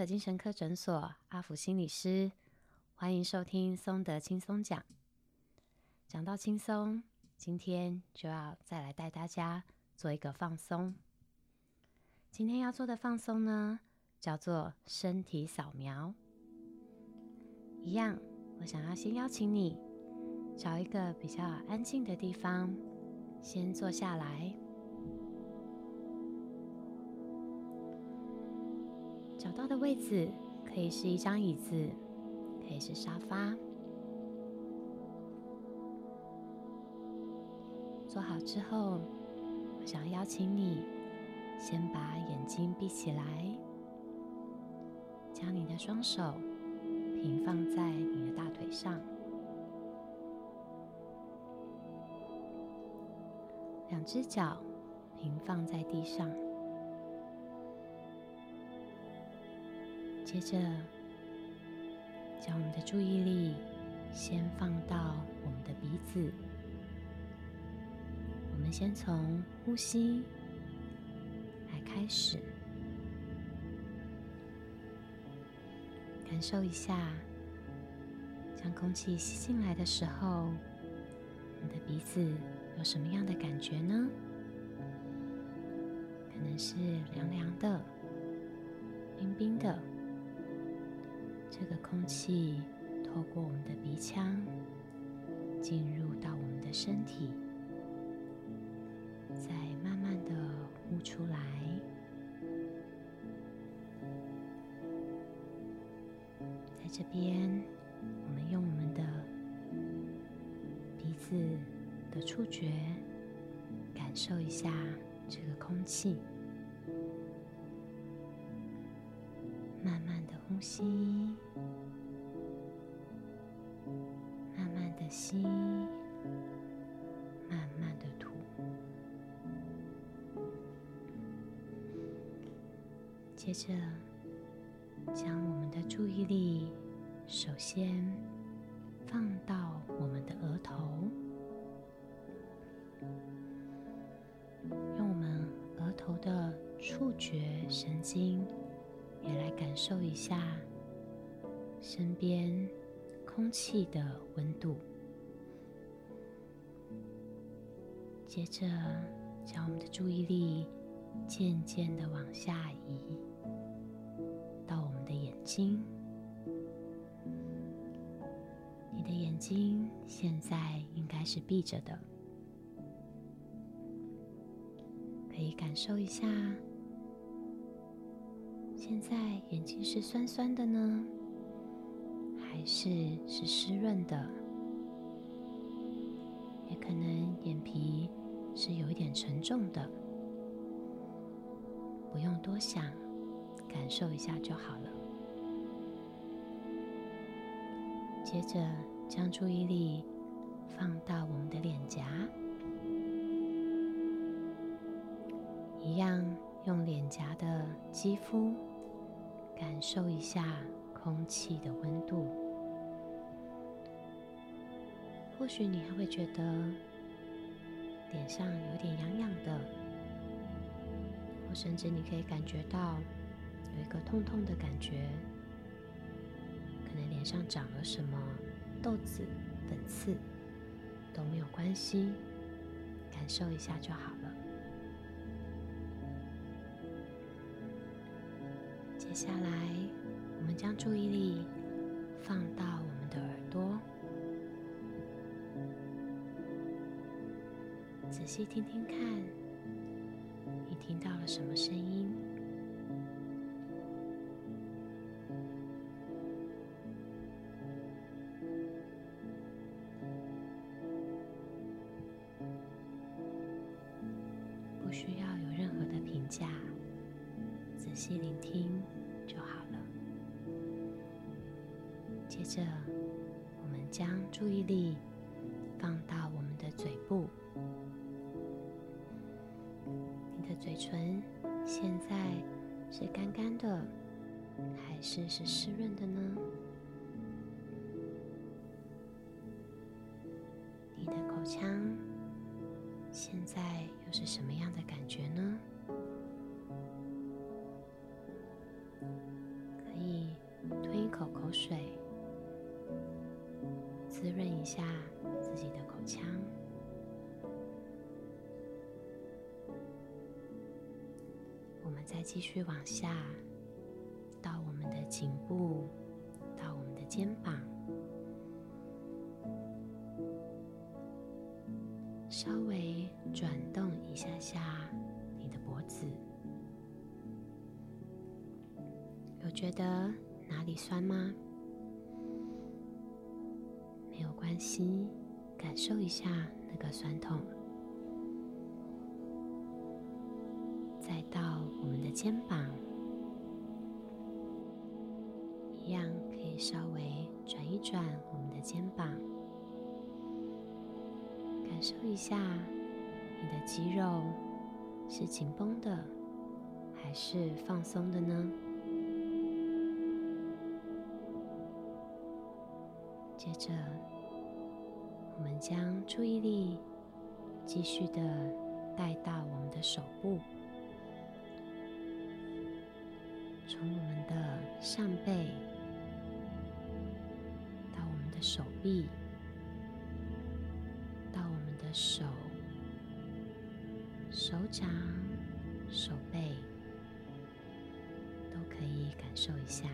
的精神科診所阿福心理師，歡迎收聽松德輕鬆講。講到輕鬆，今天就要再來帶大家做一個放鬆。今天要做的放鬆呢，叫做身體掃描。一樣，我想要先邀請你找一個比較安靜的地方，先坐下來。找到的位置可以是一張椅子，可以是沙發。坐好之後，我想邀請你先把眼睛閉起來，將你的雙手平放在你的大腿上，兩隻腳平放在地上。接着，將我們的注意力先放到我們的鼻子。我們先從呼吸來開始，感受一下，當空氣吸進來的時候，你的鼻子有什麼樣的感覺呢？可能是涼涼的、冰冰的。這個空氣透過我們的鼻腔進入到我們的身體，再慢慢的呼出來。在這邊，我們用我們的鼻子的觸覺感受一下這個空氣，慢慢的呼吸。吸，慢慢的吐。接着，將我們的注意力首先放到我們的額頭，用我們額頭的觸覺神經，也來感受一下身邊空氣的溫度。接着，將我們的注意力漸漸的往下移到我們的眼睛。你的眼睛現在應該是閉着的，可以感受一下，現在眼睛是酸酸的呢，還是是濕潤的？是有一點沉重的，不用多想，感受一下就好了。接着將注意力放到我們的臉頰，一樣用臉頰的肌膚感受一下空氣的溫度。或許你還會覺得。臉上有點癢癢的，或甚至你可以感覺到有一個痛痛的感覺，可能臉上長了什麼痘子、粉刺都沒有關係，感受一下就好了。接下來，我們將注意力。仔細聽聽看，你聽到了什麼聲音？不需要有任何的評價，仔細聆聽就好了。接着，我們將注意力放到我們的嘴部。的嘴唇現在是乾乾的，還是是濕潤的呢？你的口腔現在又是什麼樣的感覺呢？可以吞一口口水，滋潤一下自己的口腔。再繼續往下，到我們的頸部，到我們的肩膀，稍微轉動一下下你的脖子，有覺得哪裡酸嗎？沒有關係，感受一下那個酸痛，再到。肩膀一樣，可以稍微轉一轉我們的肩膀，感受一下你的肌肉是緊繃的還是放鬆的呢？接着，我們將注意力繼續的帶到我們的手部。從我們的上背到我們的手臂，到我們的手、手掌、手背，都可以感受一下。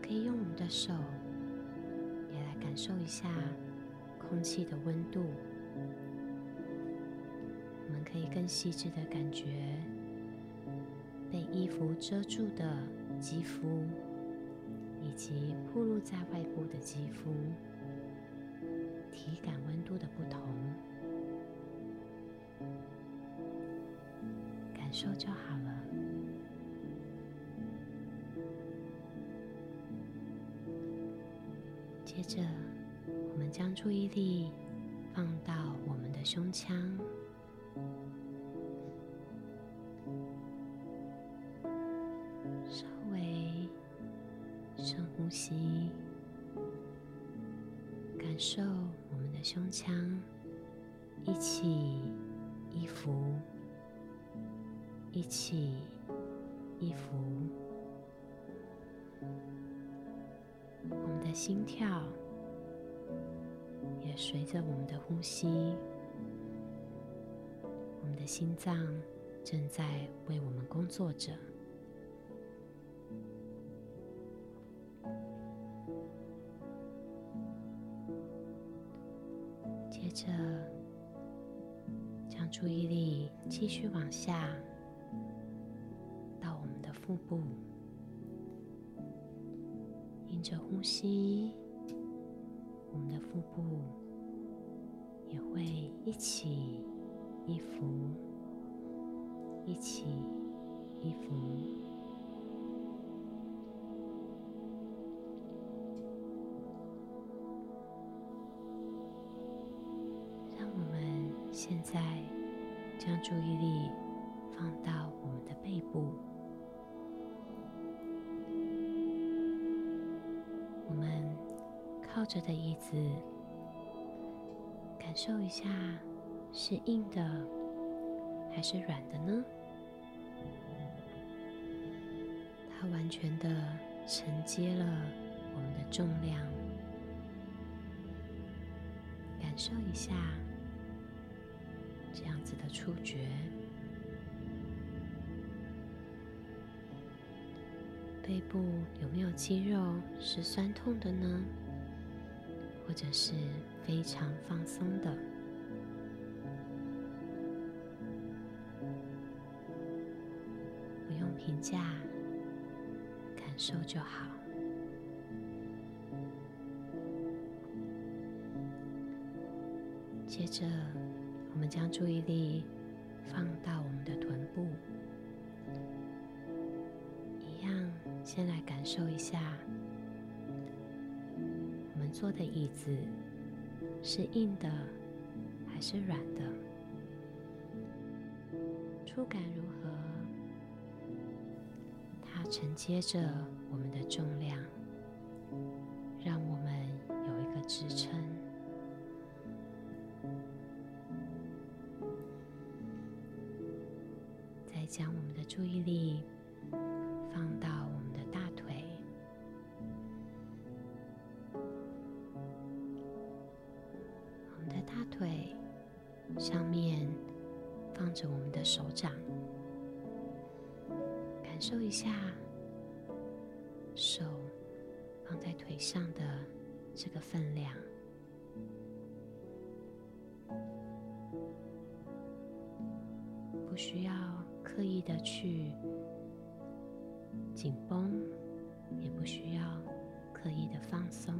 可以用我們的手也來感受一下空氣的溫度。可以更細緻的感覺被衣服遮住的肌膚，以及暴露在外部的肌膚，體感溫度的不同，感受就好了。接着，我們將注意力放到我們的胸腔。腔一起一伏，一起一伏，我們的心跳也隨着我們的呼吸，我們的心臟正在為我們工作着。接着，將注意力繼續往下到我們的腹部，跟着呼吸，我們的腹部也會一起一伏，一起一伏。再將注意力放到我們的背部，我們靠着的椅子，感受一下是硬的還是軟的呢？它完全的承接了我們的重量，感受一下。這樣子的觸覺，背部有沒有肌肉是酸痛的呢？或者是非常放鬆的？不用評價，感受就好。接着。我們將注意力放到我們的臀部，一樣，先來感受一下，我們坐的椅子是硬的還是軟的，觸感如何？它承接着我們的重量，讓我們有一個支撐。將我們的注意力放到我們的大腿，我們的大腿上面放着我們的手掌，感受一下手放在腿上的這個分量，不需要。去緊繃，也不需要刻意的放鬆，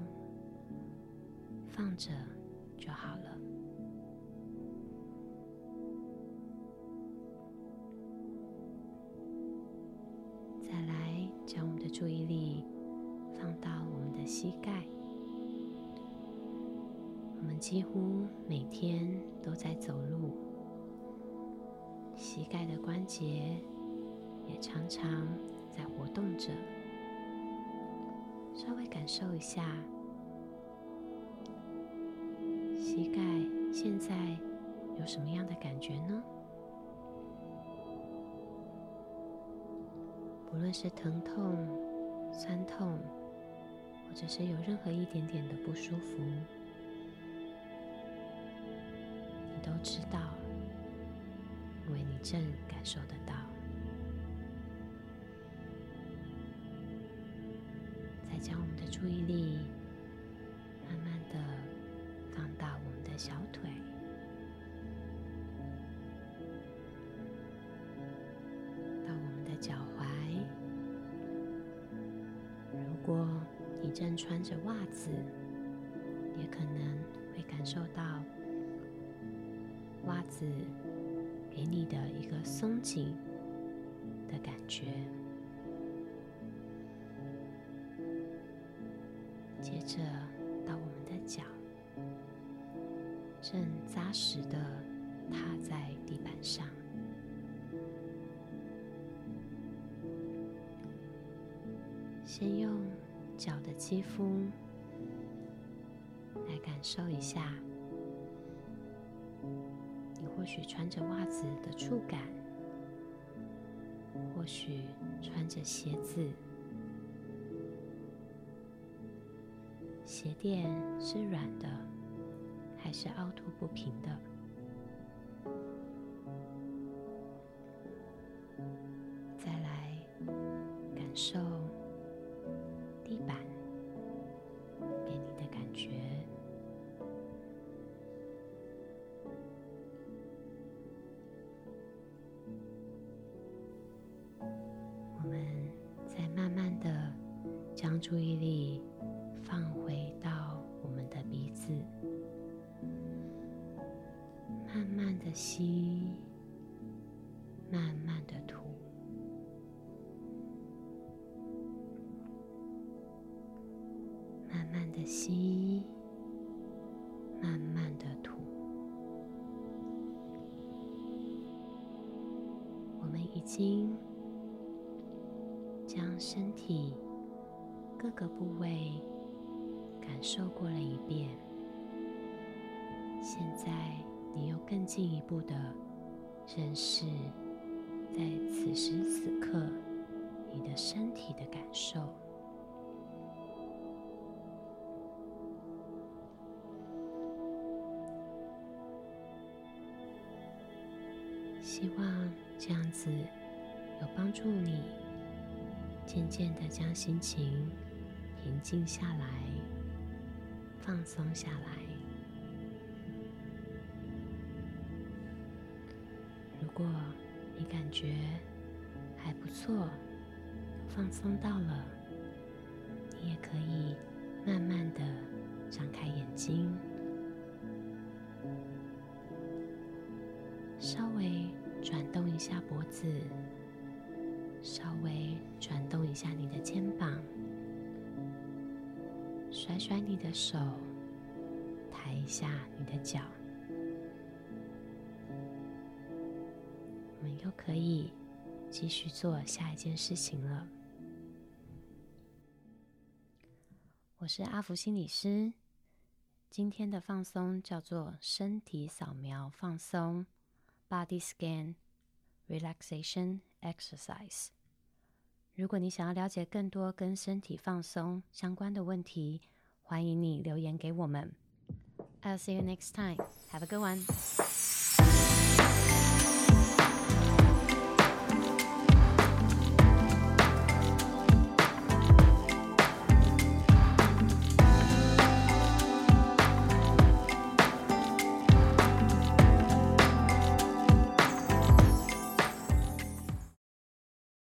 放着就好了。再來，將我們的注意力放到我們的膝蓋。我們幾乎每天都在走路，膝蓋的關節。常常在活動着，稍微感受一下膝蓋，現在有什麼樣的感覺呢？不論是疼痛、酸痛，或者是有任何一點點的不舒服，你都知道，因為你正感受得到。將我們的注意力慢慢的放到我們的小腿，到我們的腳踝。如果你正穿着襪子，也可能會感受到襪子給你的一個鬆緊的感覺。接着到我們的腳，正扎實的踏在地板上。先用腳的肌膚來感受一下，你或許穿着襪子的觸感，或許穿着鞋子。鞋墊是軟的，還是凹凸不平的？再來感受地板給你的感覺。我們再慢慢的將注意力。慢慢的吸，慢慢的吐，慢慢的吸，慢慢的吐。我們已經將身體各個部位感受過了一遍，現在。你又更進一步的認識，在此時此刻你的身體的感受。希望這樣子有幫助你，漸漸的將心情平靜下來，放鬆下來。如果你感覺還不錯，放鬆到了，你也可以慢慢的張開眼睛，稍微轉動一下脖子，稍微轉動一下你的肩膀，甩甩你的手，抬一下你的腳。又可以繼續做下一件事情了。我是阿福心理師，今天的放鬆叫做身體掃描放鬆 （Body Scan Relaxation Exercise）。如果你想要了解更多跟身體放鬆相關的問題，歡迎你留言給我們。I'll see you next time. Have a good one.